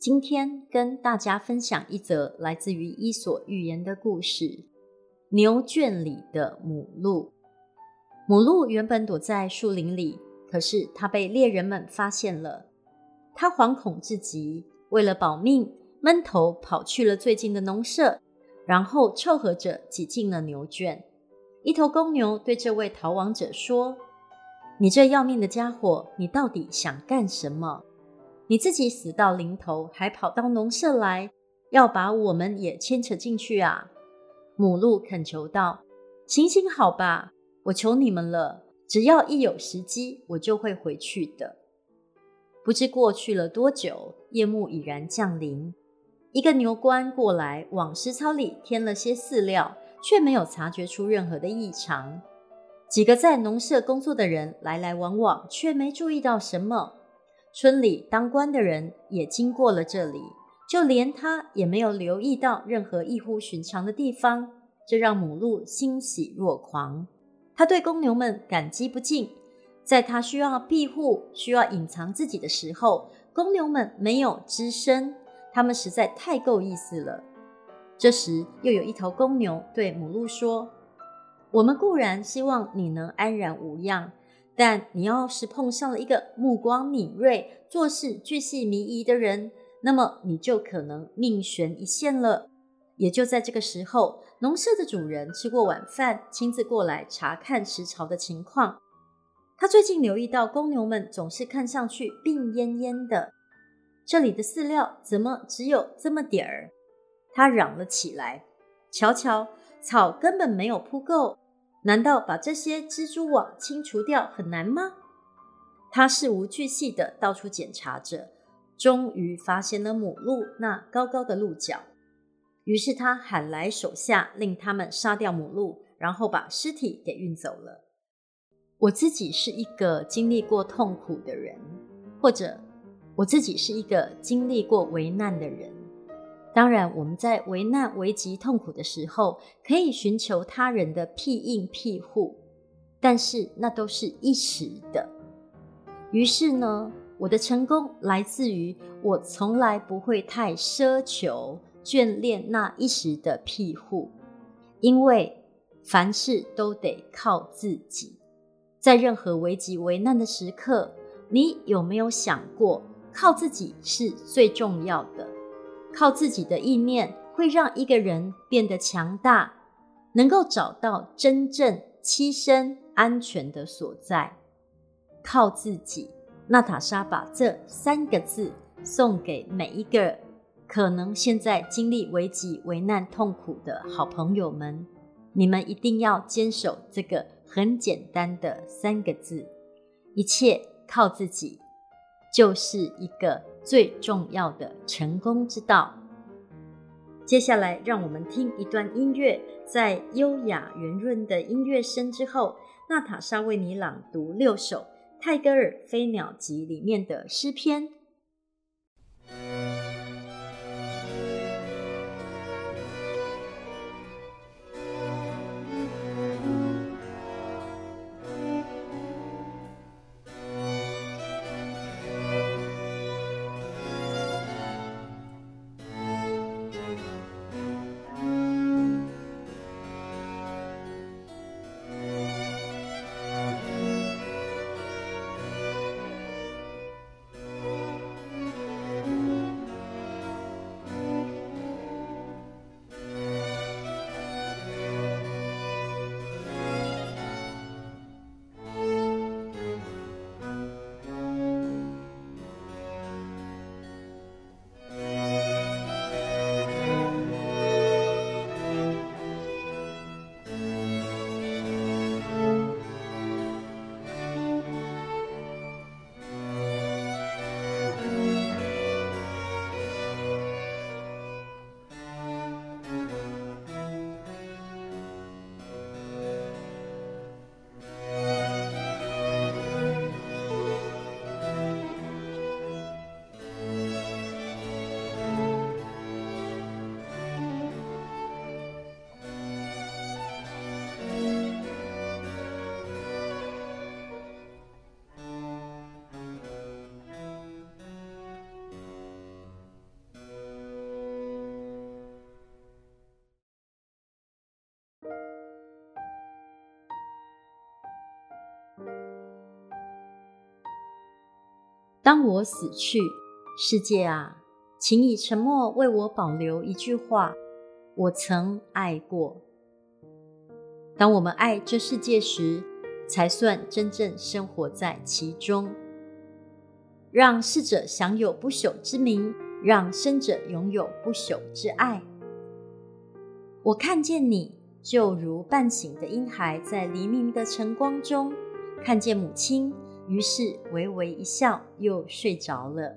今天跟大家分享一則來自於《伊索寓言》的故事：牛圈裡的牡鹿。牡鹿原本躲在樹林裡，可是它被獵人們發現了，它惶恐至極，為了保命，悶頭跑去了最近的農舍，然後湊合着擠進了牛圈。一頭公牛對這位逃亡者說：“你這要命的家伙，你到底想幹什麼？”你自己死到臨頭，還跑到農舍來，要把我們也牽扯進去啊！牡鹿懇求道：“行行好吧，我求你們了，只要一有時機，我就會回去的。”不知過去了多久，夜幕已然降臨。一個牛倌過來，往食槽裡添了些飼料，卻沒有察覺出任何的異常。幾個在農舍工作的人來來往往，卻沒注意到什麼。村裡當官的人也經過了這裡，就連他也沒有留意到任何異乎尋常的地方，這讓牡鹿欣喜若狂。他對公牛們感激不盡，在他需要庇護、需要隱藏自己的時候，公牛們沒有吱聲，他們實在太夠意思了。這時，又有一頭公牛對牡鹿說：“我們固然希望你能安然無恙。”但你要是碰上了一個目光敏銳、做事巨細靡遺的人，那麼你就可能命懸一線了。也就在這個時候，農舍的主人吃過晚飯，親自過來查看食槽的情況。他最近留意到公牛們總是看上去病懨懨的，這裡的飼料怎麼只有這麼點兒？他嚷了起來：“瞧瞧，草根本沒有鋪夠。”難道把這些蜘蛛網清除掉很難嗎？他事無巨細地到處檢查着，終於發現了牡鹿那高高的鹿角。於是他喊來手下，令他們殺掉牡鹿，然後把屍體給運走了。我自己是一個經歷過痛苦的人，或者我自己是一個經歷過危難的人。當然，我們在危難、危急、痛苦的時候，可以尋求他人的庇蔭、庇護，但是那都是一時的。於是呢，我的成功來自於我從來不會太奢求、眷戀那一時的庇護，因為凡事都得靠自己。在任何危急、危難的時刻，你有沒有想過，靠自己是最重要的？靠自己的意念會讓一個人變得強大，能夠找到真正棲身安全的所在。靠自己，娜塔莎把這三個字送給每一個可能現在經歷危急、危難、痛苦的好朋友們。你們一定要堅守這個很簡單的三個字：一切靠自己，就是一個。最重要的成功之道。接下來，讓我們聽一段音樂，在優雅圓潤的音樂聲之後，娜塔莎為你朗讀六首泰戈爾《飛鳥集》裡面的詩篇。當我死去，世界啊，請以沉默為我保留一句話：我曾愛過。當我們愛這世界時，才算真正生活在其中。讓逝者享有不朽之名，讓生者擁有不朽之愛。我看見你，就如半醒的嬰孩在黎明的晨光中看見母親。於是微微一笑，又睡着了。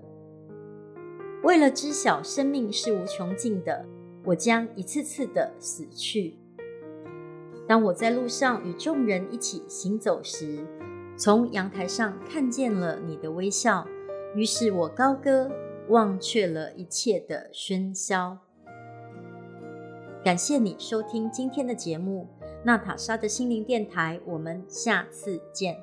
為了知曉生命是無窮盡的，我將一次次的死去。當我在路上與眾人一起行走時，從陽台上看見了你的微笑，於是我高歌，忘卻了一切的喧囂。感謝你收聽今天的節目《娜塔莎的心靈電台》，我們下次見。